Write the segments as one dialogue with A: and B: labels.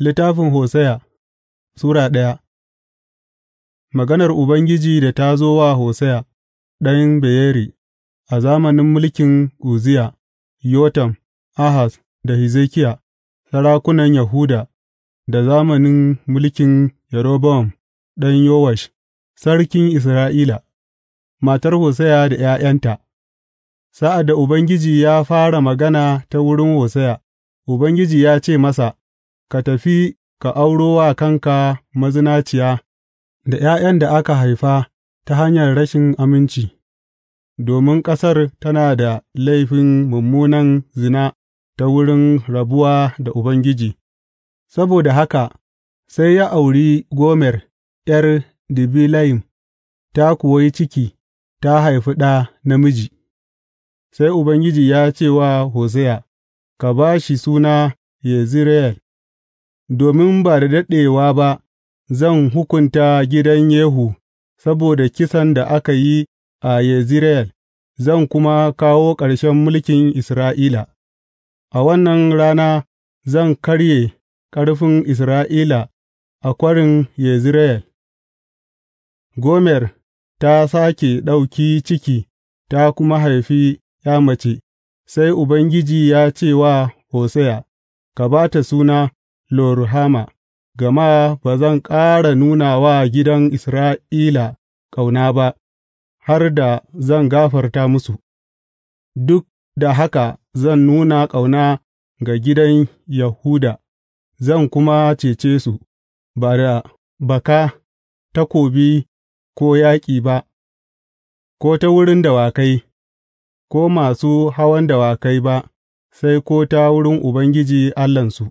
A: Littafin Hosiya Sura daya Maganar Ubangiji da ta zo wa Hosiya ɗan Beyeri a zamanin mulkin Uziya, Yotam, Ahaz da Hezekiya, sarakunan Yahuda, da zamanin mulkin Yerobowam ɗan Yowash, sarkin Isra'ila, matar Hosiya da ’ya'yanta. Sa'ad da Ubangiji ya fara magana ta wurin Hosiya, Ubangiji ya ce masa, Ka tafi ka auro wa kanka mazinaciya da ’ya'yan da aka haifa ta hanyar rashin aminci, domin ƙasar tana da laifin mummunan zina ta wurin rabuwa da Ubangiji, saboda haka sai ya auri Gomer ’yar Dibilayim, ta kuwa yi ciki ta haifi ɗa namiji, sai Ubangiji ya ce wa Hosea Ka ba shi suna Yezireyel. domin ba da daɗewa ba zan hukunta gidan Yehu saboda kisan da aka yi a Yezireyel, zan kuma kawo ƙarshen mulkin Isra'ila. A wannan rana zan karye ƙarfin Isra'ila a kwarin Yezireyel. Gomer ta sake ɗauki ciki ta kuma haifi ’ya mace, sai Ubangiji ya ce wa Hosiya, Ka ba ta suna. Lo Ruhama, gama ba zan ƙara nuna wa gidan Isra'ila ƙauna ba, har da zan gafarta musu, duk da haka zan nuna ƙauna ga gidan Yahuda, zan kuma cece su, ba da baka, takobi ko yaƙi ba, ko ta wurin dawakai, ko masu hawan dawakai ba, sai ko ta wurin Ubangiji Allahnsu.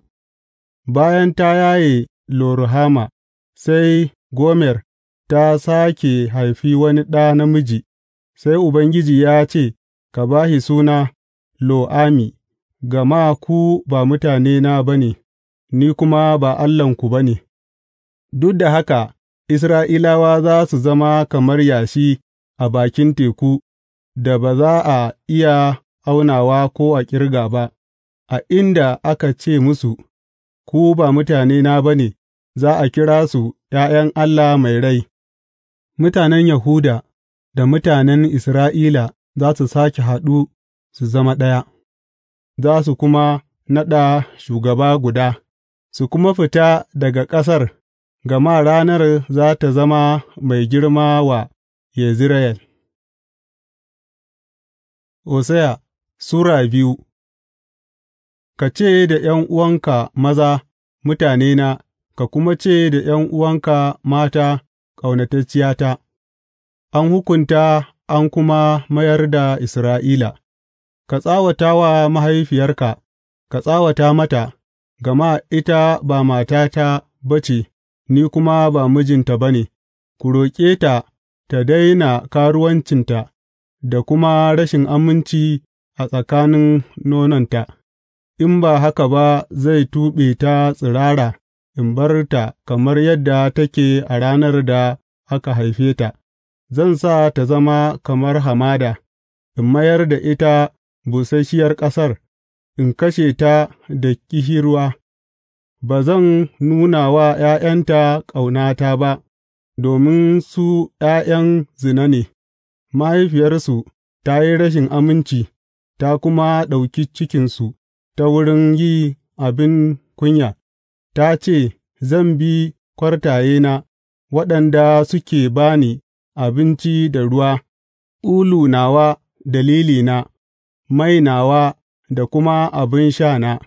A: Bayan ta yaye Lo Ruhama, sai Gomer ta sake haifi wani ɗa namiji, sai Ubangiji ya ce, Ka ba shi suna Lo ami gama ku ba mutanena ba ne, ni kuma ba Allahnku ba ne, duk da haka Isra'ilawa za su zama kamar yashi a bakin teku da ba za a iya aunawa ko a ƙirga ba, a inda aka ce musu. Ku ba mutanena ba ne, za a kira su ’ya'yan Allah mai rai; mutanen Yahuda da mutanen Isra'ila za su sake haɗu su zama ɗaya, za su kuma naɗa shugaba guda, su kuma fita daga ƙasar, gama ranar za ta zama mai girma wa Yezireyel. Hosiya Sura biyu Ka ce da ’yan'uwanka maza, Mutanena,’ ka kuma ce da ’yan'uwanka mata, Ƙaunatacciyata, An hukunta an kuma mayar da Isra'ila; ka tsawata wa mahaifiyarka, ka tsawata mata, gama ita ba matata ba ce, ni kuma ba mijinta ba ne, ku roƙe ta ta daina karuwancinta da kuma rashin aminci a tsakanin nononta. in ba haka ba zai tuɓe ta tsirara in bar ta kamar yadda take a ranar da aka haife ta, zan sa ta zama kamar hamada, in mayar da ita busasshiyar ƙasar, in kashe ta da ƙishirwa, ba zan nuna wa ’ya'yanta ƙaunata ba, domin su ’ya'yan zina ne, mahaifiyarsu ta yi rashin aminci, ta kuma ɗauki cikinsu. ta wurin yi abin kunya, ta ce, Zan bi kwartayena waɗanda suke ba ni abinci da ruwa, ulu nawa dalilina, mai nawa da kuma abin sha na,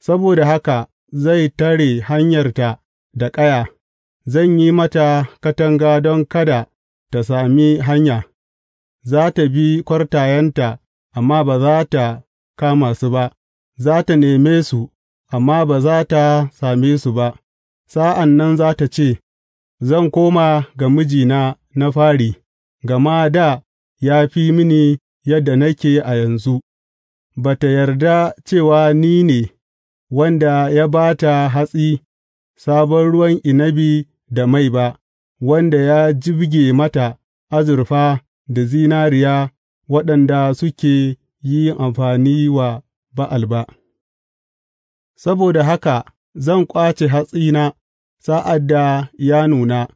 A: saboda haka zai tare hanyarta da ƙaya, zan yi mata katanga don kada ta sami hanya, za tă bi kwartayenta amma ba za ta kama su ba. za tă neme su amma ba za tă same su ba, sa'an nan za ta ce, Zan koma ga mijina na fari, gama da ya fi mini yadda nake a yanzu, ba ta yarda cewa ni ne wanda ya ba ta hatsi, sabon ruwan inabi da mai ba, wanda ya jibge mata azurfa da zinariya waɗanda suke yi amfani wa Ba'al ba, saboda haka zan ƙwace hatsina sa'ad da ya nuna,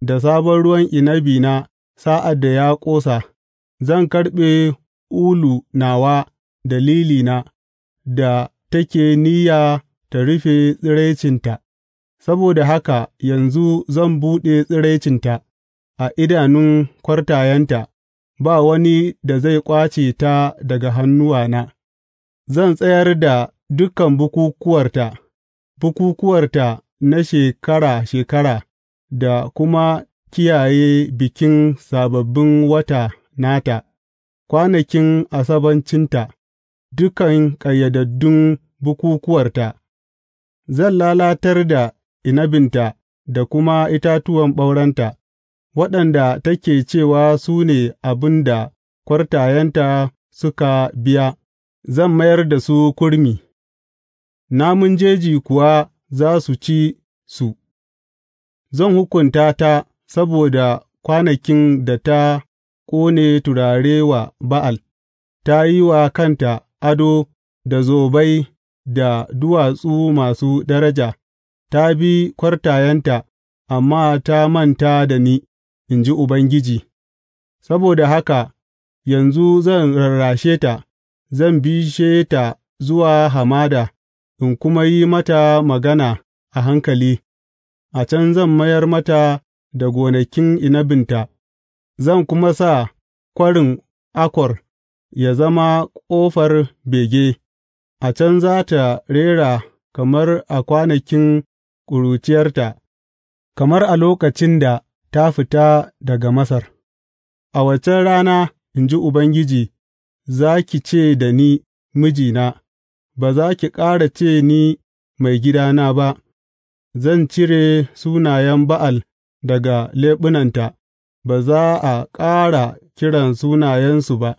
A: da sabon ruwan inabina sa'ad da ya ƙosa, zan karɓe ulu nawa da lilina da take niyya ta rufe tsiraicinta, saboda haka yanzu zan buɗe tsiraicinta a idanun kwartayenta, ba wani da zai ƙwace ta daga hannuwana. Zan tsayar da dukan bukukuwarta, bukukuwarta na shekara shekara da kuma kiyaye bikin Sababbin Wata nata, kwanakin Asabancinta, dukan ƙayyadaddun bukukuwarta, zan lalatar da inabinta da kuma itatuwan ɓaurenta, waɗanda take cewa su ne abin da kwartayenta suka biya. zan mayar da su kurmi, namun jeji kuwa za su ci su, zan hukunta ta saboda kwanakin da ta ƙone turare wa Ba'al, ta yi wa kanta ado da zobai da duwatsu masu daraja, ta bi kwartayenta, amma ta manta da ni, in ji Ubangiji, saboda haka yanzu zan rarrashe ta. zan bishe ta zuwa hamada in kuma yi mata magana a hankali, a can zan mayar mata da gonakin inabinta, zan kuma sa kwarin Akor ya zama ƙofar bege, a can za ta rera kamar a kwanakin ƙuruciyarta, kamar a lokacin da ta fita daga Masar. A waccan rana, in ji Ubangiji, za ki ce da ni mijina, ba za ki ƙara ce ni mai gidana ba, zan cire sunayen Ba'al daga leɓunanta, ba za a ƙara kiran sunayensu ba.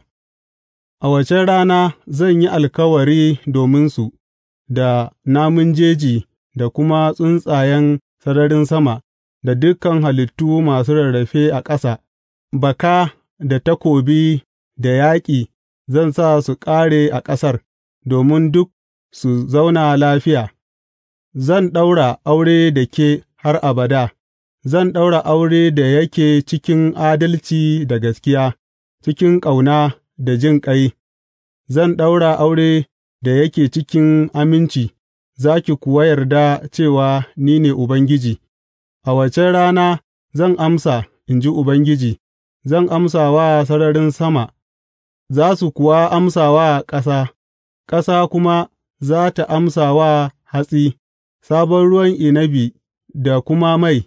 A: A wace rana zan yi alkawari dominsu da namun jeji da kuma tsuntsayen sararin sama da dukan halittu masu rarrafe a ƙasa, baka da takobi da yaƙi zan sa su ƙare a ƙasar, domin duk su zauna lafiya, zan ɗaura aure da ke har abada, zan ɗaura aure da yake cikin adalci da gaskiya, cikin ƙauna da jin ƙai, zan ɗaura aure da yake cikin aminci, za ki kuwa yarda cewa ni ne Ubangiji, a wace rana zan amsa, in ji Ubangiji, zan amsa wa sararin sama. za su kuwa amsa wa ƙasa, ƙasa kuma za tă amsa wa hatsi, sabon ruwan inabi da kuma mai,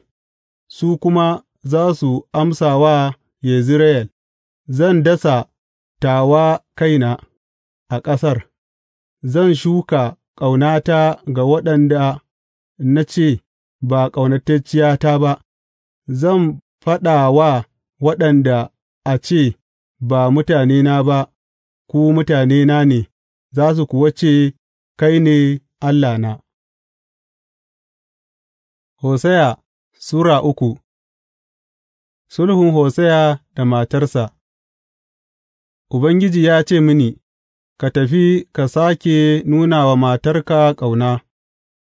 A: su kuma za su amsa wa Yezireyel, Zan dasa tawa kaina a ƙasar, zan shuka ƙaunata ga waɗanda na ce ba ƙaunatacciyata ba, zan faɗa wa waɗanda a ce ba mutanena ba, ku mutanena ne, za su kuwa ce, Kai ne Allahna.’
B: Hosea Sura uku
A: Sulhun Hosea da matarsa Ubangiji ya ce mini, Ka tafi ka sake nuna wa matarka ƙauna,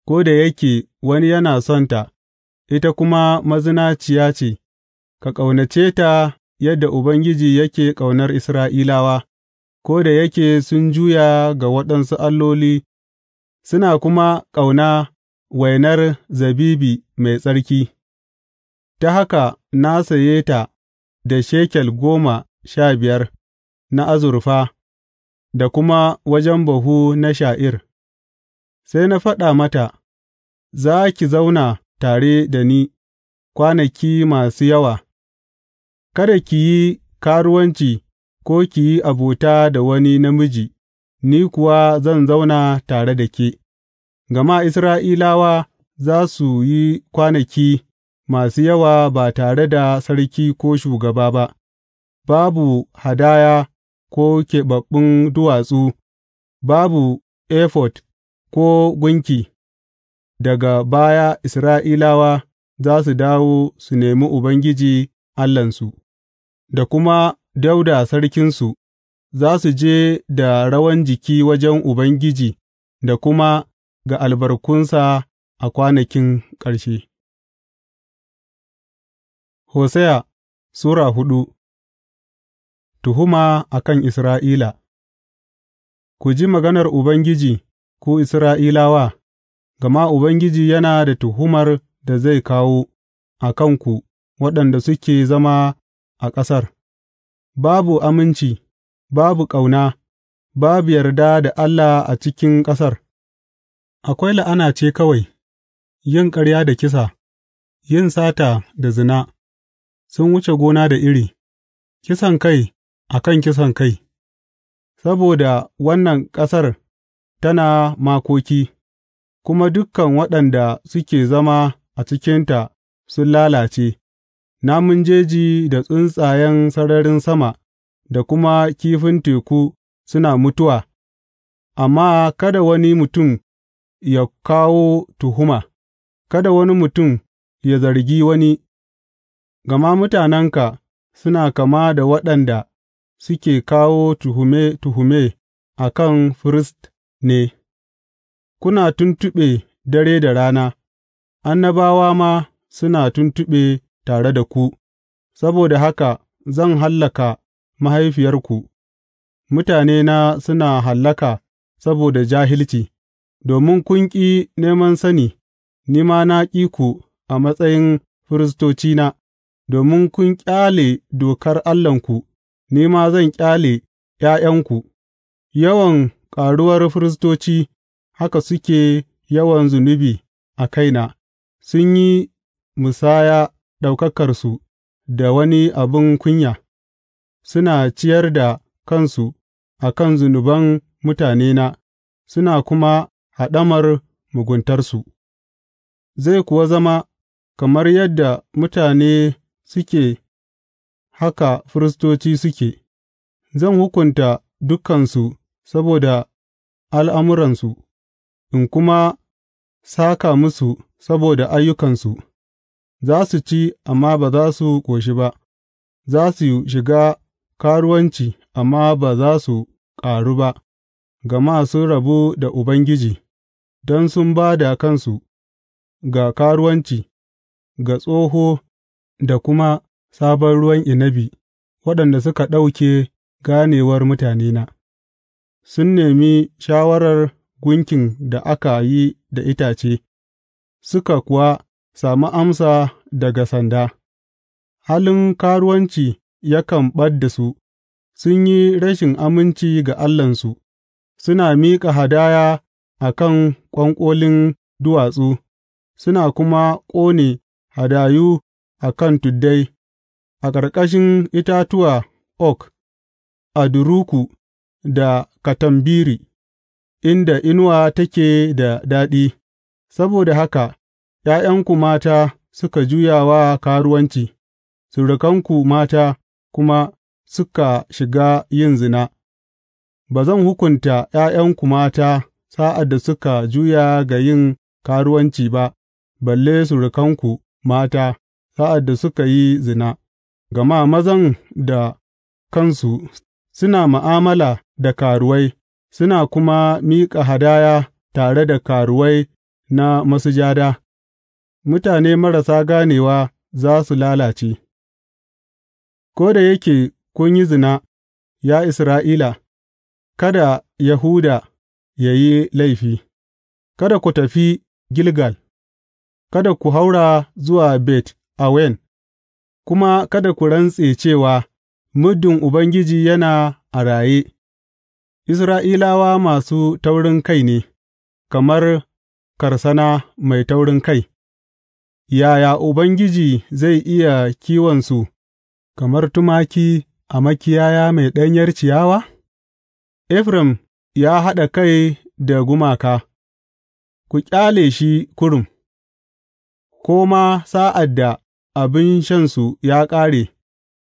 A: ko da yake wani yana sonta, ita kuma mazinaciya ce, ka ƙaunace ta yadda Ubangiji yake ƙaunar Isra'ilawa, ko da yake sun juya ga waɗansu alloli suna kuma ƙauna wainar zabibi mai tsarki, ta haka na saye ta da shekel goma sha biyar na azurfa da kuma wajen bahu na sha'ir, sai na faɗa mata, Za ki zauna tare da ni kwanaki masu yawa. Kada ki yi karuwanci ko ki yi abuta da wani namiji, ni kuwa zan zauna tare da ke, gama Isra'ilawa za su yi kwanaki masu yawa ba tare da sarki ko shugaba ba, babu hadaya ko keɓaɓɓun duwatsu, babu efod ko gunki, daga baya Isra'ilawa za su dawo su nemi Ubangiji Allahnsu. da kuma Dauda sarkinsu za su je da rawan jiki wajen Ubangiji da kuma ga albarkunsa a kwanakin ƙarshe. Hosea Sura hudu Tuhuma a kan Isra'ila Ku ji maganar Ubangiji, ku Isra'ilawa, gama Ubangiji yana da tuhumar da zai kawo a kanku waɗanda suke zama a ƙasar, babu aminci, babu ƙauna, babu yarda da Allah a cikin ƙasar, akwai la'ana ce kawai, yin ƙarya da kisa, yin sata da zina, sun wuce gona da iri, kisan kai a kan kisan kai, saboda wannan ƙasar tana makoki, kuma dukkan waɗanda suke zama a cikinta sun lalace. namun jeji da tsuntsayen sararin sama da kuma kifin teku suna mutuwa, amma kada wani mutum ya kawo tuhuma, kada wani mutum ya zargi wani, gama mutanenka suna kama da waɗanda suke kawo tuhume tuhume a kan firist ne, kuna tuntuɓe dare da rana, annabawa ma suna tuntuɓe tare da ku, saboda haka zan hallaka mahaifiyarku, mutanena suna hallaka saboda jahilci, domin kun ƙi neman sani, ni ma na ƙi ku a matsayin firistocina, domin kun ƙyale dokar Allahnku, ni ma zan ƙyale ’ya'yanku, yawan ƙaruwar firistoci haka suke yawan zunubi a kaina, sun yi musaya ɗaukakarsu da wani abin kunya, suna ciyar da kansu a kan zunuban mutanena suna kuma haɗamar muguntarsu, zai kuwa zama kamar yadda mutane suke haka firistoci suke, zan hukunta dukansu saboda al'amuransu in kuma saka musu saboda ayyukansu. Za su ci amma ba za su ƙoshi ba, za su shiga karuwanci amma ba za su ƙaru ba, gama sun rabu da Ubangiji, don sun ba da kansu ga karuwanci, ga tsoho da kuma sabon ruwan inabi, waɗanda suka ɗauke ganewar mutanena, sun nemi shawarar gunkin da aka yi da itace, suka kuwa sami amsa daga sanda, halin karuwanci yakan ɓad da su, sun yi rashin aminci ga Allahnsu, suna miƙa hadaya a kan ƙwanƙolin duwatsu, suna kuma ƙone hadayu a kan tuddai, a ƙarƙashin itatuwa ok, a duruku da katambiri, inda inuwa take da daɗi, saboda haka. ’ya'yanku mata suka juya wa karuwanci, surukanku mata kuma suka shiga yin zina, ba zan hukunta ’ya'yanku mata sa'ad da suka juya ga yin karuwanci ba, balle surukanku mata sa'ad da suka yi zina, gama mazan da kansu suna ma'amala da karuwai, suna kuma miƙa hadaya tare da karuwai na masujada. mutane marasa ganewa za su lalace Ko da yake kun yi zina, ya Isra'ila, kada Yahuda ya yi laifi, kada ku tafi Gilgal, kada ku haura zuwa Bet Awen, kuma kada ku rantse cewa, Muddin Ubangiji yana a raye, Isra'ilawa masu taurin kai ne, kamar karsana mai taurin kai. Yaya Ubangiji zai iya kiwonsu kamar tumaki a makiyaya mai ɗanyar ciyawa? Efraim ya haɗa kai da gumaka, ku ƙyale shi kurum, ko ma sa'ad da abin shansu ya ƙare,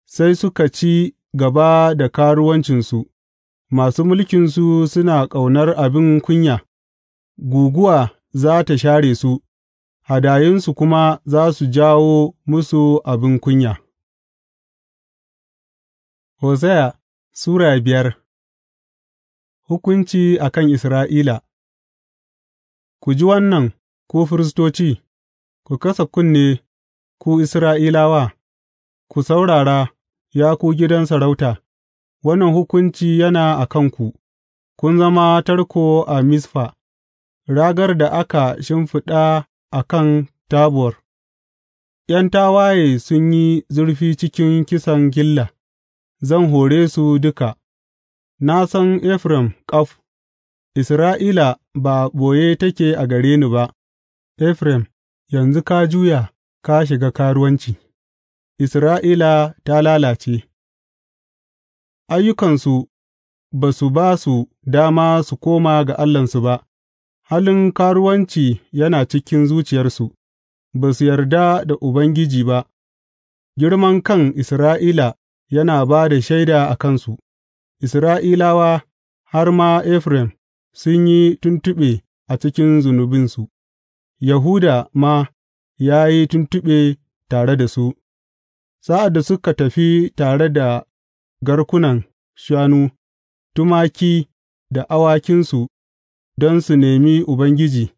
A: sai suka ci gaba da karuwancinsu, masu mulkinsu suna ƙaunar abin kunya, guguwa za tă share su. hadayunsu kuma za su jawo musu abin kunya.
B: Hosea Sura biyar
A: Hukunci a kan Isra'ila Ku ji wannan, ku firistoci, ku kasa kunne, ku Isra'ilawa, ku saurara, ya ku gidan sarauta, wannan hukunci yana a kanku, kun zama tarko a Misfa, ragar da aka shimfiɗa a kan Tabor ’Yan tawaye sun yi zurfi cikin kisan gilla; zan hore su duka, na san Efraim ƙaf, Isra'ila ba ɓoye take a gare ni ba, Efraim, yanzu ka juya ka shiga karuwanci, Isra'ila ta lalace, ayyukansu ba su ba su dama su koma ga Allahnsu ba. Halin karuwanci yana cikin zuciyarsu; ba su yarda da Ubangiji ba, girman kan Isra'ila yana ba da shaida a kansu, Isra'ilawa, har ma Efraim, sun yi tuntuɓe a cikin zunubinsu, Yahuda ma ya yi tuntuɓe tare da su sa'ad da suka tafi tare da garkunan shanu, tumaki da awakinsu. don su nemi Ubangiji,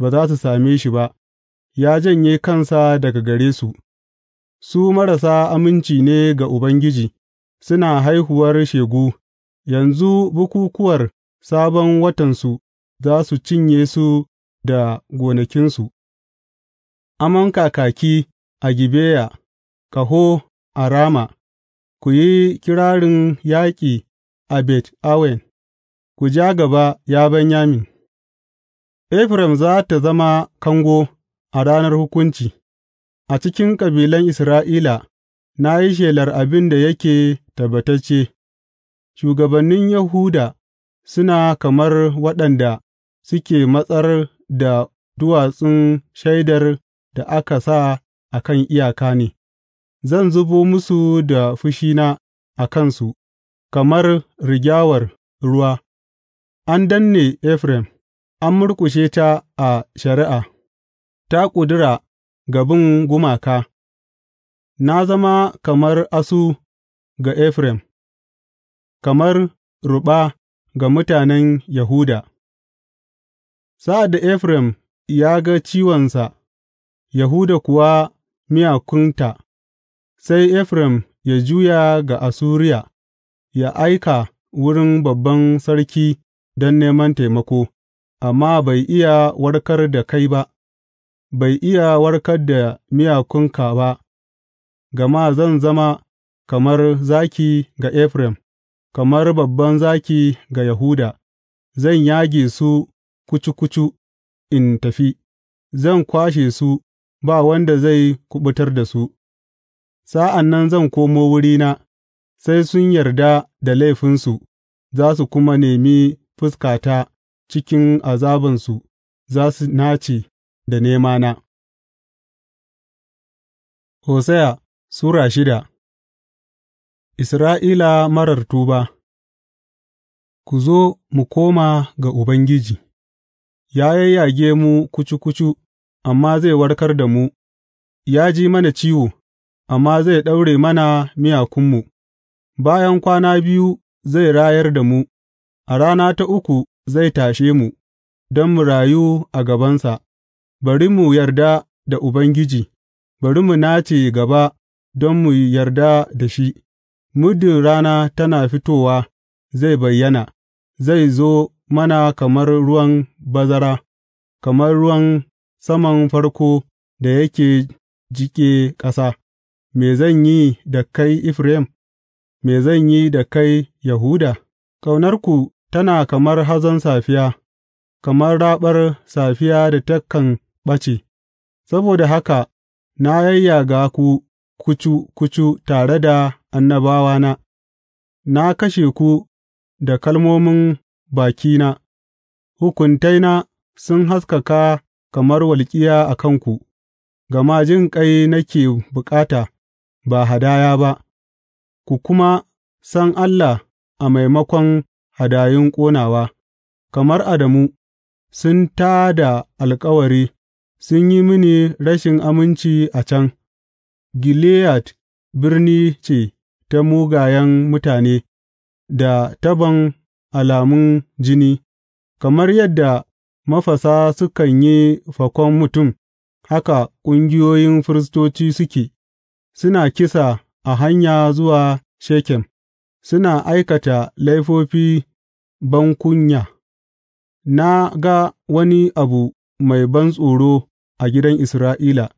A: ba za su same shi ba, ya janye kansa daga gare su, su marasa aminci ne ga Ubangiji, suna haihuwar shegu, yanzu bukukuwar sabon watansu za su cinye su da gonakinsu. Aman kakaki a Gibeya, kaho a Rama, ku yi kirarin yaƙi a Bet Awen. Ku ja gaba, ya Benyamin; Efraim za tă zama kango a ranar hukunci; a cikin kabilan Isra'ila na yi shelar abin da yake tabbatacce, shugabannin Yahuda suna kamar waɗanda suke matsar da duwatsun shaidar da aka sa a kan iyaka ne; zan zubo musu da fushina a kansu kamar rigyawar ruwa. An danne Efraim, an murƙushe ta a shari'a; ta ƙudura ga gumaka, Na zama kamar asu ga Efraim, kamar ruɓa ga mutanen Yahuda; sa'ad da Efraim ya ga ciwonsa Yahuda kuwa miyakunta, sai Efraim ya juya ga Assuriya ya aika wurin babban sarki. don neman taimako, amma bai iya warkar da kai ba, bai iya warkar da miyakunka ba, gama zan zama kamar zaki ga Efraim, kamar babban zaki ga Yahuda, zan yage su kucu kucu in tafi, zan kwashe su ba wanda zai kuɓutar da su. Sa'an nan zan komo wurina, sai sun yarda da laifinsu za su kuma nemi fuskata cikin azabansu za su nace da nemana.
B: Hosea Sura shida
A: Isra'ila marar tuba Ku zo mu koma ga Ubangiji, ya yayyage mu kucu kucu, amma zai warkar da mu, ya ji mana ciwo, amma zai ɗaure mana miyakunmu, bayan kwana biyu zai rayar da mu, A rana ta uku zai tashe mu don mu rayu a gabansa; bari mu yarda da Ubangiji, bari mu nace gaba don mu yarda da shi; muddin rana tana fitowa zai bayyana, zai zo mana kamar ruwan bazara, kamar ruwan saman farko da yake jiƙe ƙasa, Me zan yi da kai Efraim, me zan yi da kai Yahuda? Ƙaunarku Tana kamar hazon safiya, kamar raɓar safiya da takan ɓace; saboda haka na yayyaga ku kucu kucu tare da annabawana, na kashe ku da kalmomin bakina, hukuntaina sun haskaka kamar walƙiya a kanku, gama jin ƙai nake bukata ba hadaya ba, ku kuma san Allah a maimakon. hadayun ƙonawa, kamar Adamu, sun tā da alkawari, sun yi mini rashin aminci a can, Gileyad birni ce ta mugayen mutane da tabon alamun jini, kamar yadda mafasa sukan yi fakon mutum, haka ƙungiyoyin firistoci suke, suna kisa a hanya zuwa Shekem. suna aikata laifofi bankunya, na ga wani abu mai bantsoro a gidan Isra'ila,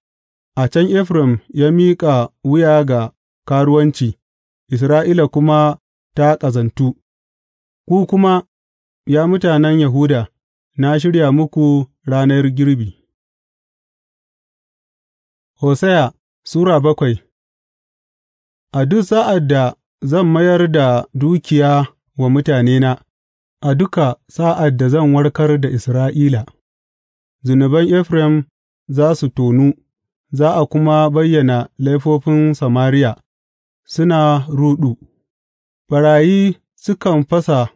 A: a can Efraim ya miƙa wuya ga karuwanci, Isra'ila kuma ta ƙazantu, ku kuma, ya mutanen Yahuda, na shirya muku ranar girbi. Hosiya Sura bakwai A duk sa'ad da Zan mayar da dukiya wa mutanena a duka sa'ad da zan warkar da Isra'ila; zunuban Efraim za su tonu za a kuma bayyana laifofin Samariya suna ruɗu, ɓarayi sukan fasa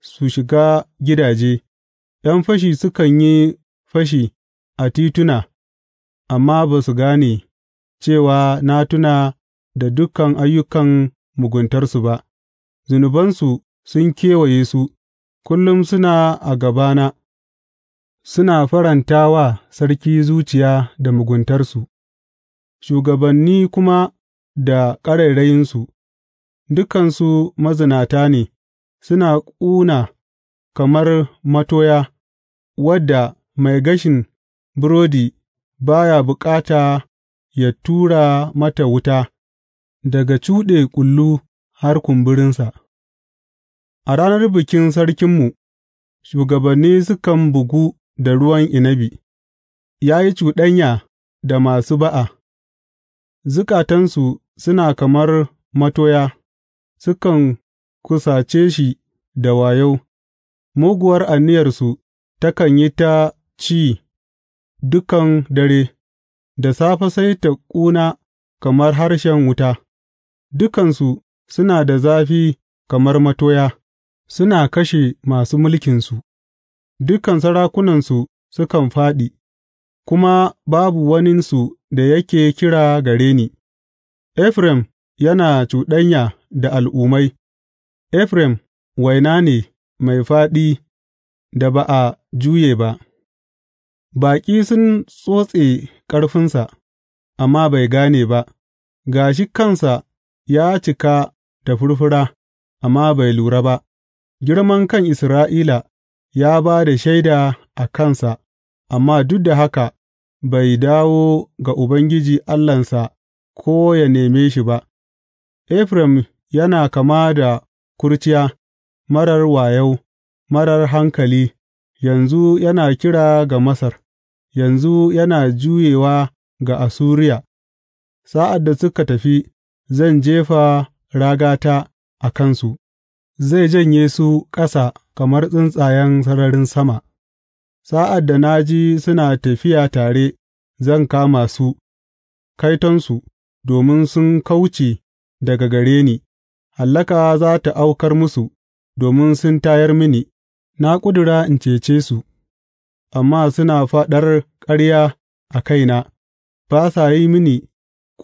A: su shiga gidaje, ’yan fashi sukan yi fashi a tituna, amma ba su gane cewa na tuna da dukan ayyukan. muguntarsu ba; zunubansu sun kewaye su, kullum suna a gabana, suna faranta wa sarki zuciya da muguntarsu, shugabanni kuma da ƙarairayinsu, dukansu mazinata ne, suna ƙuna kamar matoya, wadda mai gashin burodi ba ya bukata ya tura mata wuta. daga cuɗe ƙullu har kumburinsa A ranar bikin sarkinmu, shugabanni sukan bugu da ruwan inabi; ya yi cuɗanya da masu ba'a, zukatansu suna kamar matoya, sukan kusace shi da wayo, muguwar aniyarsu takan yi ta ci dukan dare, da safe sai ta ƙuna kamar harshen wuta. dukansu suna da zafi kamar matoya, suna kashe masu mulkinsu; dukan sarakunansu sukan fāɗi, kuma babu waninsu da yake kira gare ni Efraim yana cuɗanya da al'ummai; Efraim waina ne mai fāɗi da ba a juye ba, baƙi sun tsotse ƙarfinsa, amma bai gane ba, ga shi kansa. ya cika da furfura, amma bai lura ba, girman kan Isra'ila ya ba da shaida a kansa, amma duk da haka bai dawo ga Ubangiji Allahnsa ko ya neme shi ba. Efraim yana kama da kurciya, marar wayau, marar hankali, yanzu yana kira ga Masar, yanzu yana juyewa ga Assuriya, sa'ad da suka tafi. zan jefa ragata a kansu, zai janye su ƙasa kamar tsuntsayen sararin sama, sa'ad da na ji suna tafiya tare zan kama su, kaitonsu, domin sun kauce daga gare ni, hallaka za ta aukar musu, domin sun tayar mini, na ƙudura in cece su, amma suna faɗar ƙarya a kaina, ba sa yi mini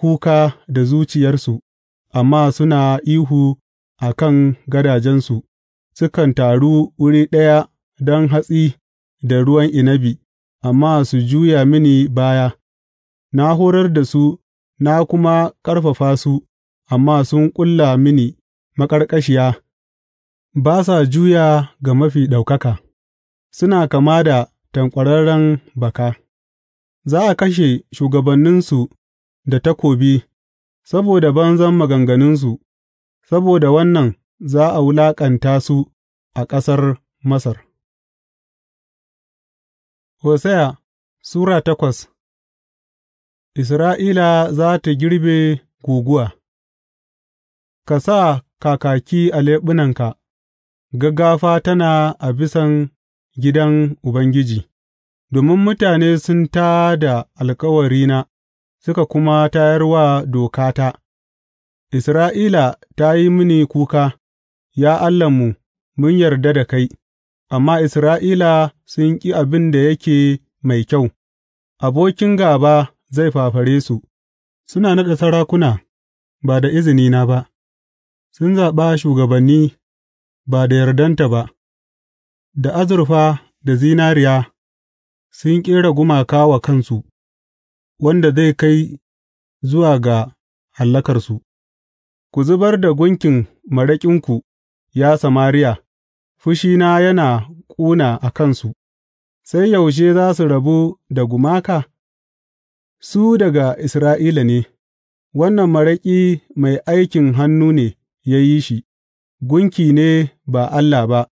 A: kuka da zuciyarsu, amma suna ihu a kan gadajensu; sukan taru wuri ɗaya don hatsi da ruwan inabi, amma su juya mini baya; na horar da su na kuma ƙarfafa su, amma sun ƙulla mini maƙarƙashiya ba sa juya ga Mafi Ɗaukaka, suna kama da tanƙwararren baka; za a kashe shugabanninsu. da takobi, saboda banzan maganganunsu, saboda wannan za a wulaƙanta su a ƙasar Masar.
B: Hosea Sura takwas
A: Isra'ila za ta girbe guguwa Ka sa kakaki a leɓunanka, gaggafa tana a bisan gidan Ubangiji, domin mutane sun tā da alkawarina suka kuma tayar wa dokata, Isra'ila ta yi mini kuka, Ya Allahnmu, mun yarda da kai, amma Isra'ila sun ƙi abin da yake mai kyau, abokin gaba zai fafare su, suna naɗa sarakuna ba da izinina ba, sun zaɓa shugabanni ba da yardanta ba, da azurfa da zinariya sun ƙera gumaka wa kansu. wanda zai kai zuwa ga hallakarsu Ku zubar da gunkin maraƙinku, ya Samariya, fushina yana ƙuna a kansu, sai yaushe za su rabu da gumaka? Su daga Isra'ila ne, wannan maraƙi mai aikin hannu ne ya yi shi, gunki ne ba Allah ba,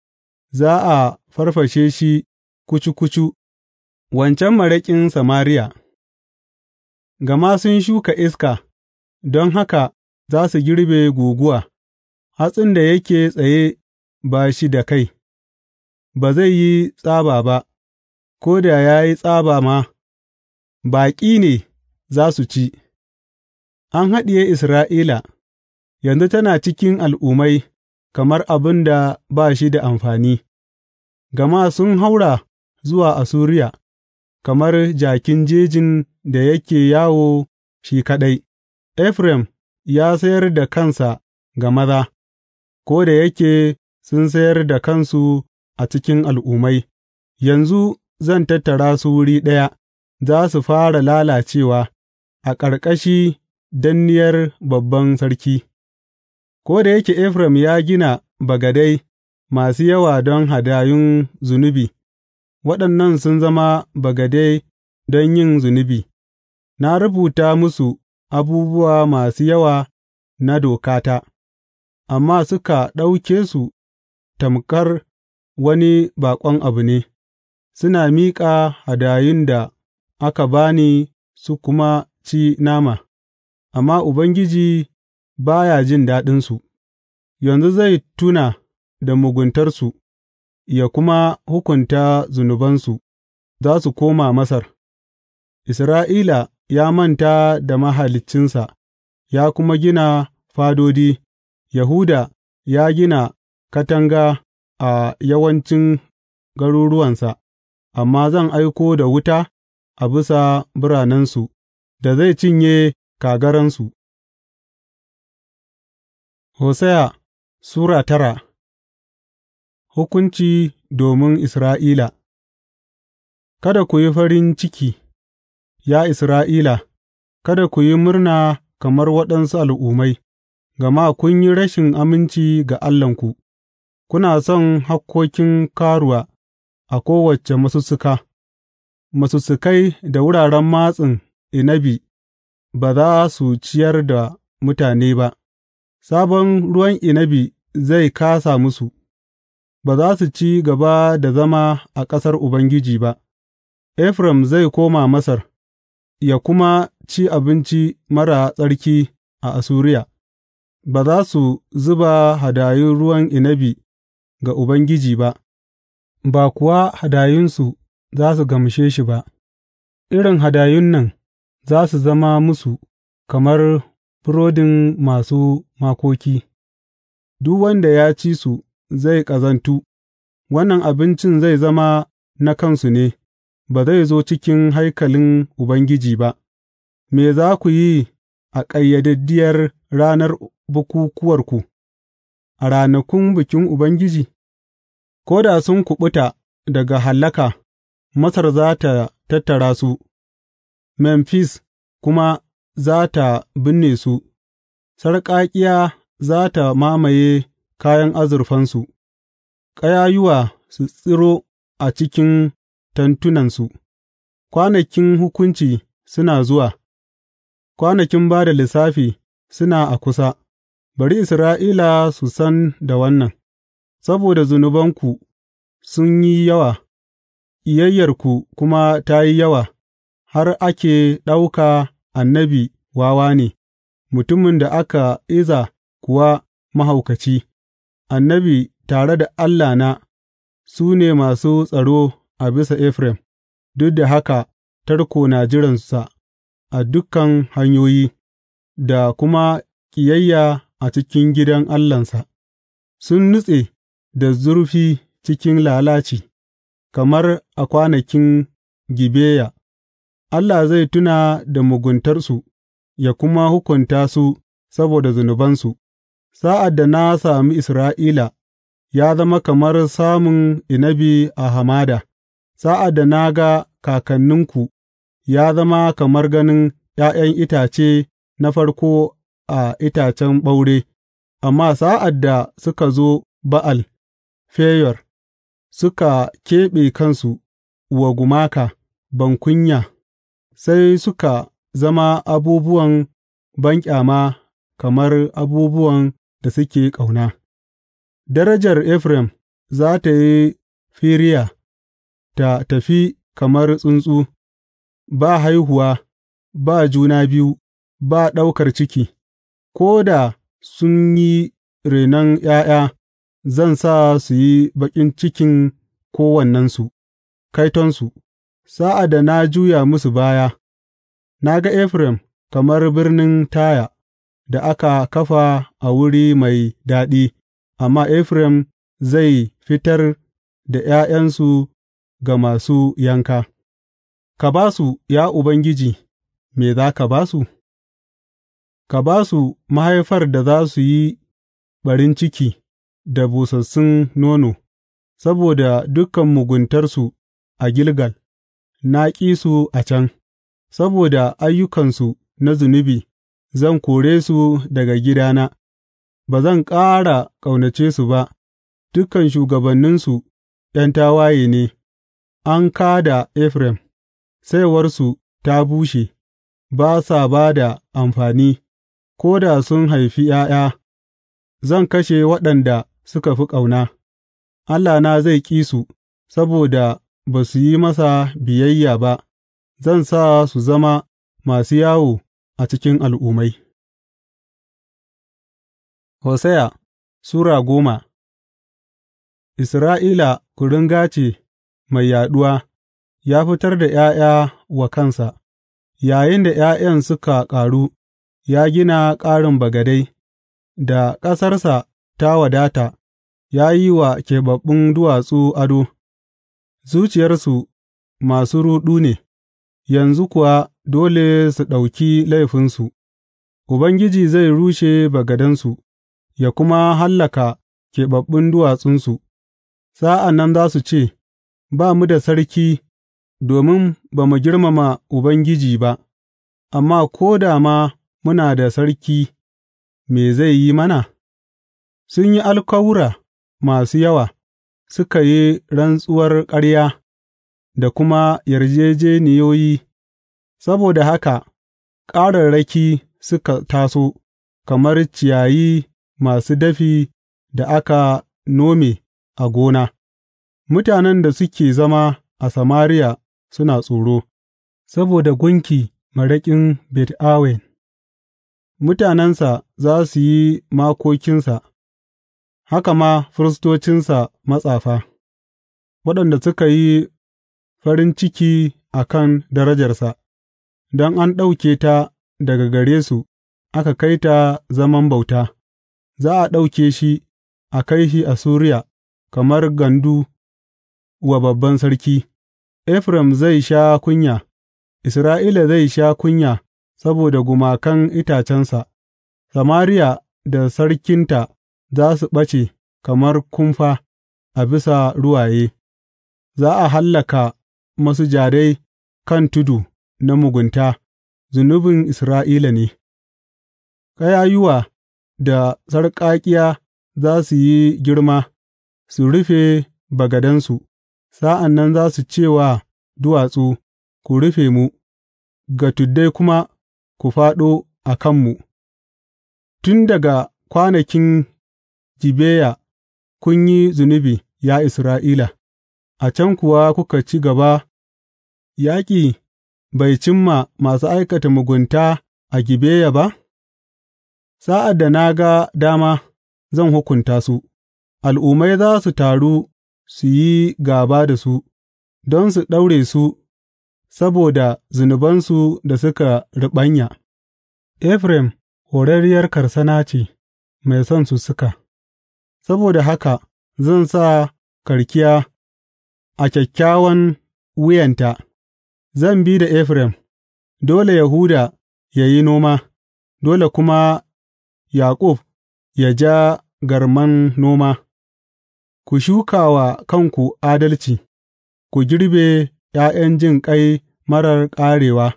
A: za a farfashe shi kucu kucu, wancan maraƙin Samariya. Gama sun shuka iska, don haka za su girbe guguwa; hatsin da yake tsaye ba shi da kai, ba zai yi tsaba ba, ko da ya yi tsaba ma, baƙi ne za su ci. An haɗiye Isra'ila, yanzu tana cikin al'ummai kamar abin da ba shi da amfani, gama sun haura zuwa asuriya. kamar jakin jejin da yake yawo shi kaɗai, Efraim ya sayar da kansa ga maza, ko da yake sun sayar da kansu a cikin al'ummai, yanzu zan tattara su wuri ɗaya, za su fara lalacewa a ƙarƙashi danniyar babban sarki. Ko da yake Efraim ya gina bagadai masu yawa don hadayun zunubi. waɗannan sun zama bagade don yin zunubi; na rubuta musu abubuwa masu yawa na dokata, amma suka ɗauke su tamƙar wani baƙon abu ne, suna miƙa hadayun da aka ba ni su kuma ci nama, amma Ubangiji ba ya jin daɗinsu; yanzu zai tuna da muguntarsu. ya kuma hukunta zunubansu, za su koma Masar. Isra'ila ya manta da Mahaliccinsa ya kuma gina fadodi, Yahuda ya gina katanga a yawancin garuruwansa, amma zan aiko da wuta a bisa biranensu da zai cinye kagaransu.
B: Hosea Sura tara Hukunci domin
A: Isra'ila Kada ku yi farin ciki, ya Isra'ila, kada ku yi murna kamar waɗansu al'ummai, gama kun yi rashin aminci ga Allahnku, kuna son hakkokin karuwa a kowace masussuka, masussukai da wuraren matsin inabi ba za su ciyar da mutane ba, sabon ruwan inabi zai kāsa musu. Ba za su ci gaba da zama a ƙasar Ubangiji ba; Efraim zai koma Masar ya kuma ci abinci mara tsarki a Asuriya. ba za su zuba hadayun ruwan inabi ga Ubangiji ba, ba kuwa hadayunsu za su gamshe shi ba, irin hadayun nan za su zama musu kamar burodin masu makoki, duk wanda ya ci su. zai ƙazantu, wannan abincin zai zama na kansu ne, ba zai zo cikin haikalin Ubangiji ba, me za ku yi a ƙayyadaddiyar ranar bukukuwarku, a ranakun bikin Ubangiji? Ko da sun kuɓuta daga hallaka, Masar za ta tattara su, Memphis kuma za ta binne su, sarƙaƙiya za ta mamaye kayan azurfansu, Ƙayayuwa su tsiro a cikin tantunansu. kwanakin hukunci suna zuwa, kwanakin ba da lissafi suna a kusa, bari Isra'ila su san da wannan, saboda zunubanku sun yi yawa, iyayyarku kuma ta yi yawa, har ake ɗauka annabi wawa ne, mutumin da aka iza kuwa mahaukaci. annabi tare da Allahna su ne masu tsaro a bisa Efraim, duk da haka tarko na jiransa a dukan hanyoyi, da kuma ƙiyayya a cikin gidan Allahnsa, sun nutse da zurfi cikin lalaci, kamar a kwanakin Gibeya, Allah zai tuna da muguntarsu ya kuma hukunta su saboda zunubansu. Sa'ad da na sami Isra'ila, ya zama kamar samun inabi a hamada; sa'ad da na ga kakanninku, ya zama kamar ganin ’ya'yan itace na farko a itacen ɓaure, amma sa'ad da suka zo Ba'al Feyor, suka keɓe kansu wa gumaka bankunya, sai suka zama abubuwan banƙyama kamar abubuwan da suke ƙauna; darajar Efraim za tă yi firiya ta tafi kamar tsuntsu, ba haihuwa, ba juna biyu, ba ɗaukar ciki, ko da sun yi renon ’ya'ya zan sa su yi baƙin cikin kowannensu, kaitonsu, sa'ad da na juya musu baya, na ga Efraim kamar birnin Taya. da aka kafa a wuri mai daɗi, amma Efraim zai fitar da ’ya'yansu ga masu yanka; ka ba su, ya Ubangiji, me za ka ba su, ka ba su mahaifar da za su yi ɓarin ciki da busassun nono, saboda dukan muguntarsu a Gilgal, na ƙi su a can, saboda ayyukansu na zunubi. zan kore su daga gidana, ba zan ƙara ƙaunace su ba, dukan shugabanninsu ’yan tawaye ne, an ka da Efraim, saiwarsu ta bushe, ba sa ba da amfani, ko da sun haifi ’ya'ya, zan kashe waɗanda suka fi ƙauna, Allahna zai ƙi su saboda ba su yi masa biyayya ba, zan sa su zama masu yawo. a cikin al'ummai Hosea Sura goma Isra'ila kuringa ce mai yaɗuwa, ya fitar da ’ya'ya wa kansa, yayin da ’ya'yan suka ƙaru, ya gina ƙarin bagadai, da ƙasarsa ta wadata, ya yi wa keɓaɓɓun duwatsu ado, zuciyarsu masu ruɗu ne, yanzu kuwa dole su ɗauki laifinsu; Ubangiji zai rushe bagadansu ya kuma hallaka keɓaɓɓun duwatsunsu, sa'an nan za su ce, Ba mu da sarki domin ba mu girmama Ubangiji ba, amma ko da ma muna da sarki, me zai yi mana? Sun yi alkawura masu yawa, suka yi rantsuwar ƙarya da kuma yarjejjeniyoyi. Saboda haka ƙararraki suka taso kamar ciyayi masu dafi da aka nome a gona; mutanen da suke zama a Samariya suna tsoro saboda gunki maraƙin Bet Awen, mutanensa za su yi makokinsa, haka ma firistocinsa matsafa, waɗanda suka yi farin ciki a kan darajarsa. don an ɗauke ta daga gare su aka kai ta zaman bauta, za a ɗauke shi a kai shi a suriya kamar gandu wa babban sarki, Efraim zai sha kunya, Isra'ila zai sha kunya saboda gumakan itacensa, Samariya da sarkinta za su ɓace kamar kumfa a bisa ruwaye, za a hallaka masujadai kan tudu. na mugunta zunubin Isra'ila ne, Ƙayayuwa da sarƙaƙiya za su yi girma su rufe bagadansu, sa'an nan za su ce wa duwatsu, Ku rufe mu, ga tuddai kuma, Ku fāɗo a kanmu, tun daga kwanakin Gibeya kun yi zunubi, ya Isra'ila, a can kuwa kuka ci gaba yaƙi. bai cimma masu aikata mugunta a Gibeya ba? Sa'ad da na ga dama, zan hukunta su, al'ummai za su taru su yi gaba da su, don su ɗaure su saboda zunubansu da suka riɓanya. Efraim horarriyar karsana ce mai son su suka. saboda haka zan sa karkiya a kyakkyawan wuyanta. Zan bi da Efraim; dole Yahuda ya yi noma, dole kuma Yaƙub ya ja garman noma; ku shuka wa kanku adalci, ku girbe ’ya'yan jin jinƙai marar ƙarewa,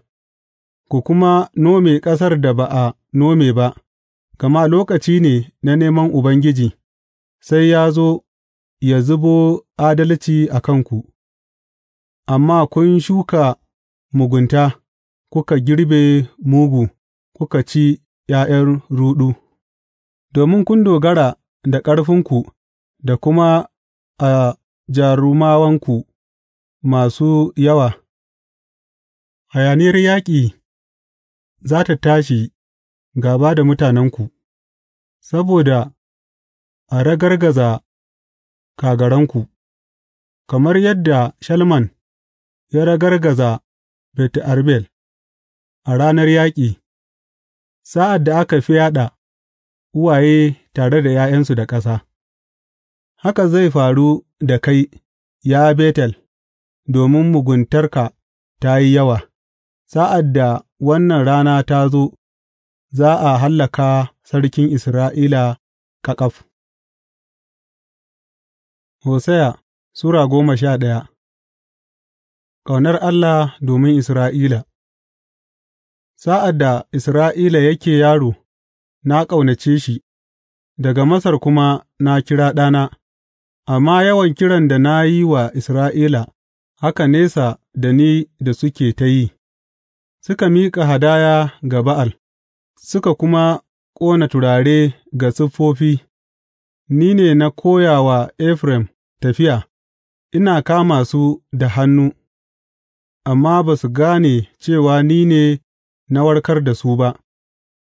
A: ku kuma nome ƙasar da ba a nome ba, gama lokaci ne na neman Ubangiji, sai ya zo ya zubo adalci a kanku, amma kun shuka mugunta, kuka girbe mugu, kuka ci ’ya'yan ruɗu, domin kun dogara da ƙarfinku da kuma a jarumawanku masu yawa, hayaniyar yaƙi
B: za ta tashi gaba da mutanenku, saboda a ragargaza kagaranku, kamar yadda Shalman ya ragargaza. Bet Arbel a
A: ranar yaƙi, sa'ad da aka fyaɗa uwaye tare da ’ya'yansu da ƙasa Haka zai faru da kai, ya Betel, domin muguntarka ta yi yawa; sa'ad da wannan rana ta zo, za a hallaka sarkin Isra'ila ƙaƙaf. Hosiya Sura goma sha ɗaya.
B: Ƙaunar Allah domin Isra'ila
A: Sa'ad da Isra'ila yake yaro, na ƙaunace shi, daga Masar kuma na kira ɗana, amma yawan kiran da na yi wa Isra'ila haka nesa da ni da suke ta yi, suka miƙa hadaya ga Ba'al, suka kuma ƙona turare ga siffofi, ni ne na koya wa Efraim tafiya, ina kama su da hannu. amma ba su gane cewa ni ne na warkar da su ba;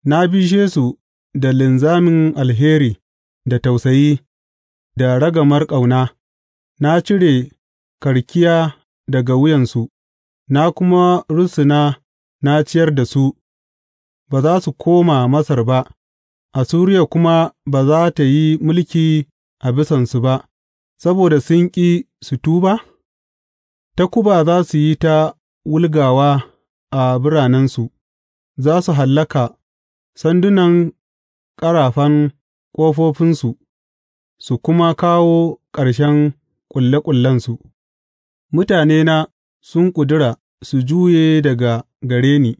A: na bishe su da linzamin alheri da tausayi da ragamar ƙauna, na cire karkiya daga wuyansu, na kuma rusuna na ciyar da su, ba za su koma Masar ba, asuriya kuma ba za ta yi mulki a bisansu ba, saboda sun ƙi su tuba? Takuba za su yi ta wulgawa a biranensu; za su hallaka sandunan ƙarafan ƙofofinsu su kuma kawo ƙarshen ƙulle ƙullensu; mutanena sun ƙudura su juye daga gare ni,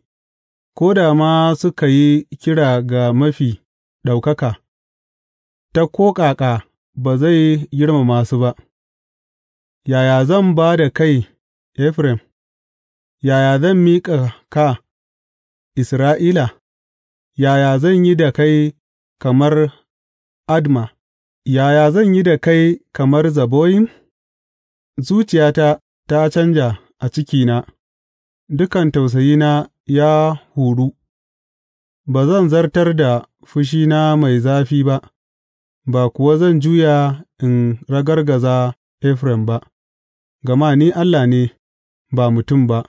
A: ko da ma suka yi kira ga Mafi Ɗaukaka, ta ko ƙaƙa ba zai girmama su ba. Yaya zan ba da kai, Efraim, yaya zan miƙa ka, Isra'ila, yaya zan yi da kai kamar Adma, yaya zan yi da kai kamar Zeboyim? Zuciyata ta canja a cikina, dukan tausayina ya huru, ba zan zartar da fushina mai zafi ba, ba kuwa zan juya in ragargaza Efraim ba. Gama Ni Allah ne, ba mutum ba,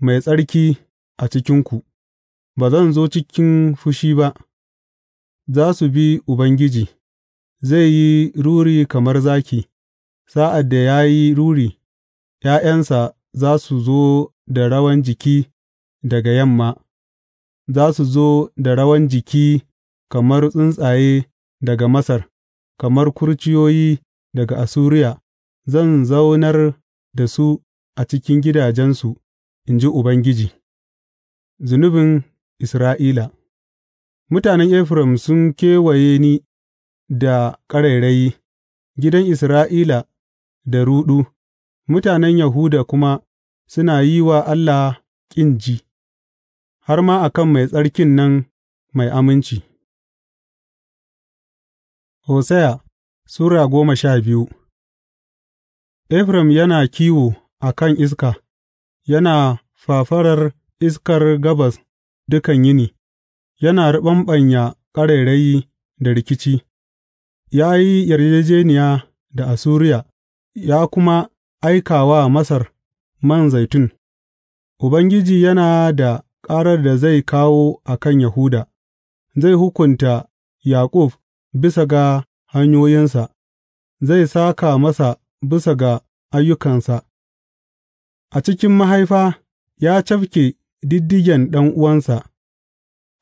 A: Mai Tsarki a cikinku; ba zan zo cikin fushi ba, za su bi Ubangiji, zai yi ruri kamar zaki, sa'ad da ya yi ruri, ’ya'yansa za su zo da rawan jiki daga yamma, za su zo da rawan jiki kamar tsuntsaye daga Masar, kamar kurciyoyi daga asuriya. zan zaunar da su a cikin gidajensu, in ji Ubangiji, zunubin Isra'ila. Mutanen Efraim sun kewaye ni da ƙarairayi, gidan Isra'ila da ruɗu, mutanen Yahuda kuma suna yi wa Allah ƙin ji,
B: har ma a kan Mai Tsarkin nan mai aminci.
A: Hosea Sura goma sha biyu Efraim yana kiwo a kan iska, yana fafarar iskar gabas dukan yini, yana riɓanɓanya ƙarairayi da rikici, ya yi yarjejeniya da asuriya. ya kuma aika wa Masar man zaitun, Ubangiji yana da ƙarar da zai kawo a kan Yahuda, zai hukunta Yaƙub bisa ga hanyoyinsa, zai saka masa bisa ga ayyukansa, a cikin mahaifa ya cafke diddigen ɗan'uwansa,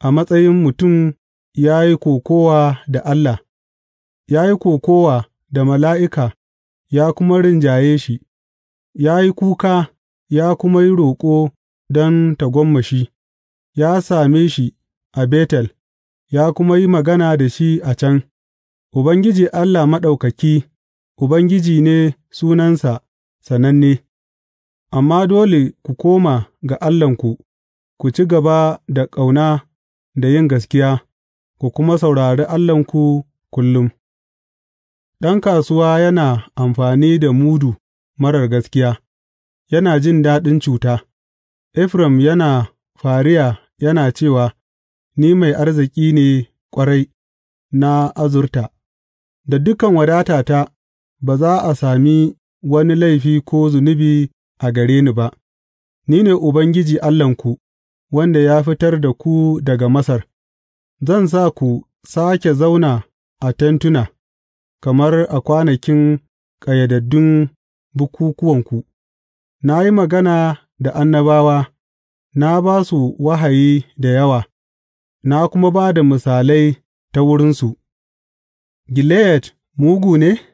A: a matsayin mutum ya yi kokowa da Allah, ya yi kokowa da mala'ika ya kuma rinjaye shi, ya yi kuka ya kuma yi roƙo don tagomashi, ya same shi a Betel, ya kuma yi magana da shi a can, Ubangiji Allah Maɗaukaki. Ubangiji ne sunansa sananne, amma dole ku koma ga Allahnku, ku ci gaba da ƙauna da yin gaskiya, ku kuma saurari Allahnku kullum. Ɗan kasuwa yana amfani da mudu marar gaskiya, yana jin daɗin cuta; Efraim yana fariya yana cewa, Ni mai arziki ne ƙwarai, na azurta, da dukan wadatata. ba za a sami wani laifi ko zunubi a gare ni ba, ni ne Ubangiji Allahnku, wanda ya fitar da ku daga Masar, zan sa ku sake zauna a tentuna, kamar a kwanakin ƙayyadaddun bukukuwanku, na yi magana da annabawa, na ba su wahayi da yawa, na kuma ba da misalai ta wurinsu. Gileyat mugu ne?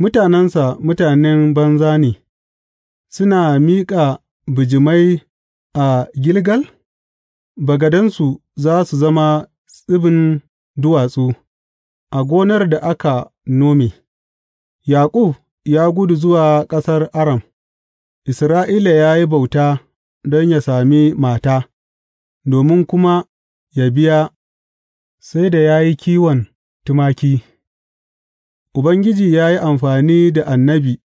A: Mutanensa mutanen banza ne, suna miƙa bijimai a Gilgal; bagadansu za su zama tsibin duwatsu a gonar da aka nome, Yaƙub ya gudu zuwa ƙasar Aram, Isra'ila ya yi bauta don yă sami mata, domin kuma yă biya sai da ya yi kiwon tumaki. Ubangiji ya yi amfani da annabi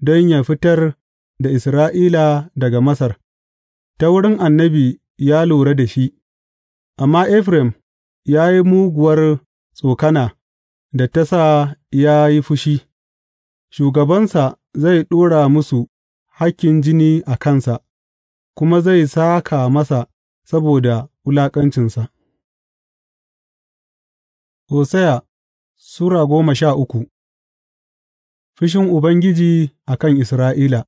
A: don yă fitar da Isra'ila daga Masar, ta wurin annabi ya lura da shi, amma Efraim ya yi muguwar tsokana da ta sa ya yi fushi, shugabansa zai ɗora musu hakkin jini a kansa, kuma zai saka masa saboda
B: wulaƙancinsa. Hosiya
A: Sura goma sha uku Fushin Ubangiji a kan Isra'ila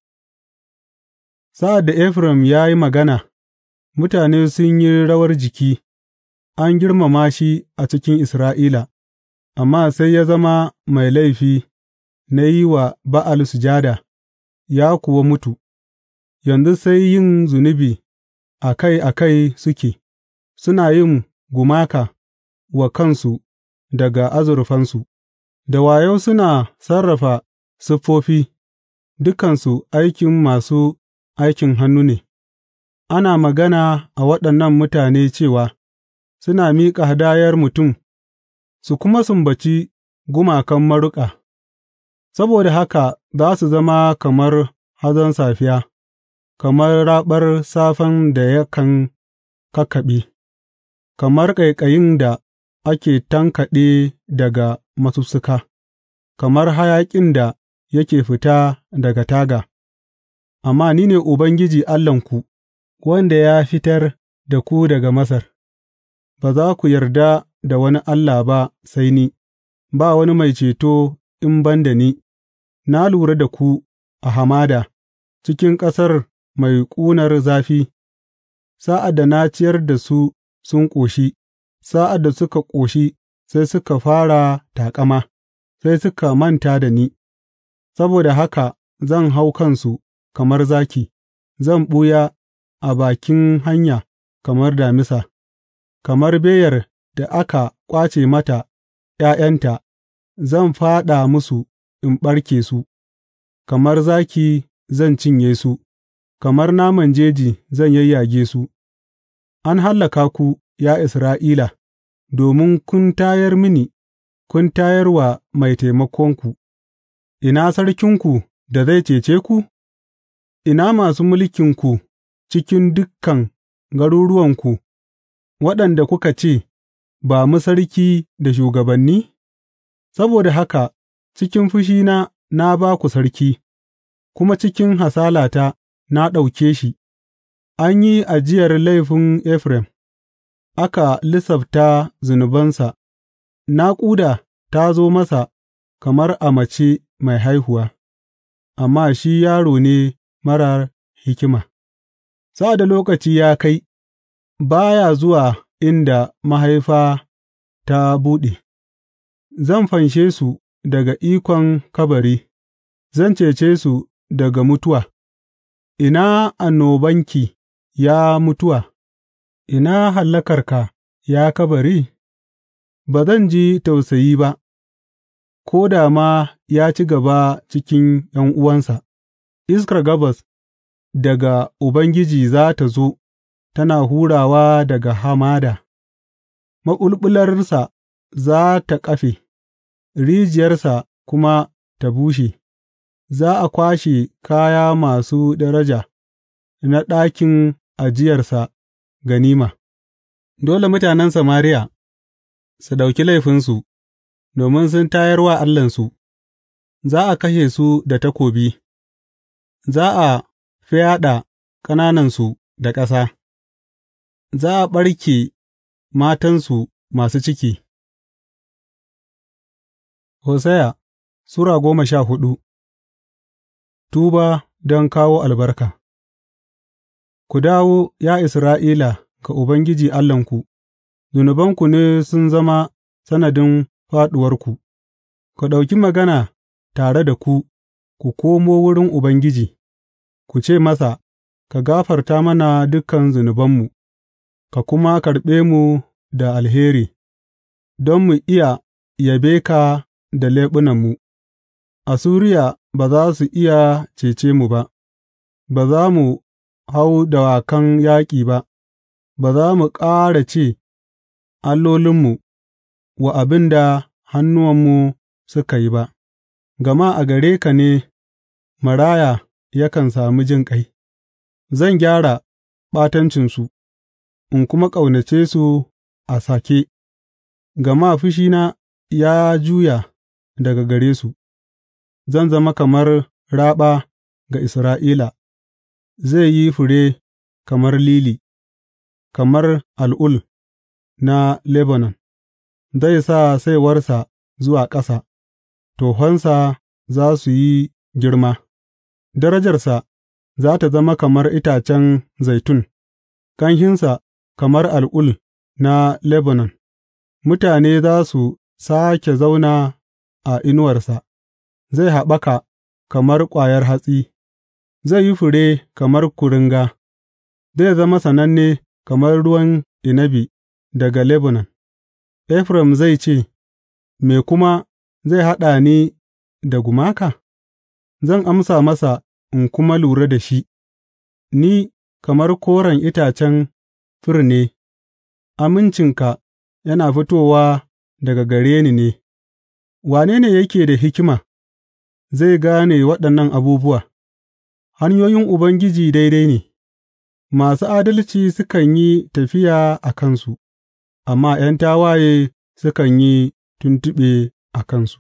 A: Sa'ad da Efraim ya yi magana, mutane sun yi rawar jiki, an girmama shi a cikin Isra'ila, amma sai ya zama mai laifi na yi wa Ba'al sujada, ya kuwa mutu, yanzu sai yin zunubi a kai a kai suke, suna yin gumaka wa kansu daga azurfansu, da wayo suna sarrafa Siffofi Dukansu aikin masu aikin hannu ne, ana magana a waɗannan mutane cewa suna miƙa hadayar mutum su kuma sumbaci gumakan maruƙa, saboda haka za su zama kamar hazon safiya, kamar raɓar safan da yakan kakkaɓe, kamar ƙaiƙayin da ake tankaɗe daga masussuka, kamar hayaƙin da yake fita daga taga, amma ni ne Ubangiji Allahnku, wanda ya fitar da ku daga Masar, ba za ku yarda da wani Allah ba sai ni, ba wani mai ceto in ban da ni, na lura da ku a hamada, cikin ƙasar mai ƙunar zafi, sa'ad da na ciyar da su sun ƙoshi, sa'ad da suka ƙoshi sai suka fara taƙama, sai suka manta da ni. Saboda haka zan hau kansu kamar zaki, zan ɓuya a bakin hanya kamar damisa, kamar beyar da aka ƙwace mata ’ya'yanta, zan fāɗa musu in ɓarke su, kamar zaki zan cinye su, kamar naman jeji zan yayyage su, an hallaka ku, ya Isra'ila, domin kun tayar mini, kun tayar wa mai taimakonku. Ina sarkinku da zai cece ku, ina masu mulkinku cikin dukan garuruwanku, waɗanda kuka ce, Ba mu sarki da shugabanni?’ Saboda haka cikin fushina na ba ku sarki, kuma cikin hasalata na ɗauke shi; an yi ajiyar laifin Efraim aka lissafta zunubansa, naƙuda ta zo masa kamar a mace. mai haihuwa, amma shi yaro ne marar hikima; sa'ad da lokaci ya kai, ba ya zuwa inda mahaifa ta buɗe, zan fanshe su daga ikon kabari, zan cece su daga mutuwa Ina annobanki, ya mutuwa, ina hallakarka, ya kabari? Ba zan ji tausayi ba. ko da ma ya ci gaba cikin ’yan'uwansa, iskar gabas daga Ubangiji za tă zo tana hurawa daga hamada; maƙulɓularsa za tă ƙafe, rijiyarsa kuma ta bushe, za a kwashe kaya masu daraja na ɗakin ajiyarsa ganima; dole mutanen Samariya su ɗauki laifinsu. domin sun tayar wa Allahnsu, za a kashe su da takobi, za a fyaɗa ƙananansu da ƙasa, za a
B: ɓarke matansu masu ciki. Hosea Sura goma sha hudu Tuba don
A: kawo albarka Ku dawo, ya Isra'ila, ga Ubangiji Allahnku, zunubanku ne sun zama sanadin fāɗuwarku, ku ɗauki magana tare da ku ku komo wurin Ubangiji, ku ce masa, Ka gafarta mana dukan zunubanmu, ka kuma karɓe mu da alheri, don mu iya yabe ka da leɓunanmu, Assuriya ba za su iya cece mu ba, ba za mu hau dawakan yaƙi ba, ba za mu ƙara ce, Allolinmu.’ wa abin da hannuwanmu suka yi ba, gama a gare ka ne maraya yakan sami jin jinƙai; zan gyara ɓatancinsu in kuma ƙaunace su a sake, gama fushina ya juya daga gare su, zan zama kamar raɓa ga Isra'ila,
B: zai yi fure kamar lili, kamar
A: al'ul na Lebanon. Zai sa saiwarsa zuwa ƙasa, tohonsa za su yi girma, darajarsa za ta zama kamar itacen zaitun, ƙanshinsa kamar al'ul na Lebanon; mutane za su sake zauna a inuwarsa, zai haɓaka kamar ƙwayar hatsi, zai yi fure kamar kuringa, zai zama sananne kamar ruwan inabi daga Lebanon. Efraim zai ce, Me kuma zai haɗa ni da gumaka? Zan amsa masa in kuma lura da shi; ni kamar koren itacen fir ne, amincinka yana fitowa daga gare ni ne, Wane ne yake da hikima, zai gane waɗannan abubuwa? Hanyoyin Ubangiji daidai ne, masu adalci sukan yi tafiya a kansu. amma ’yan tawaye sukan yi tuntuɓe a kansu.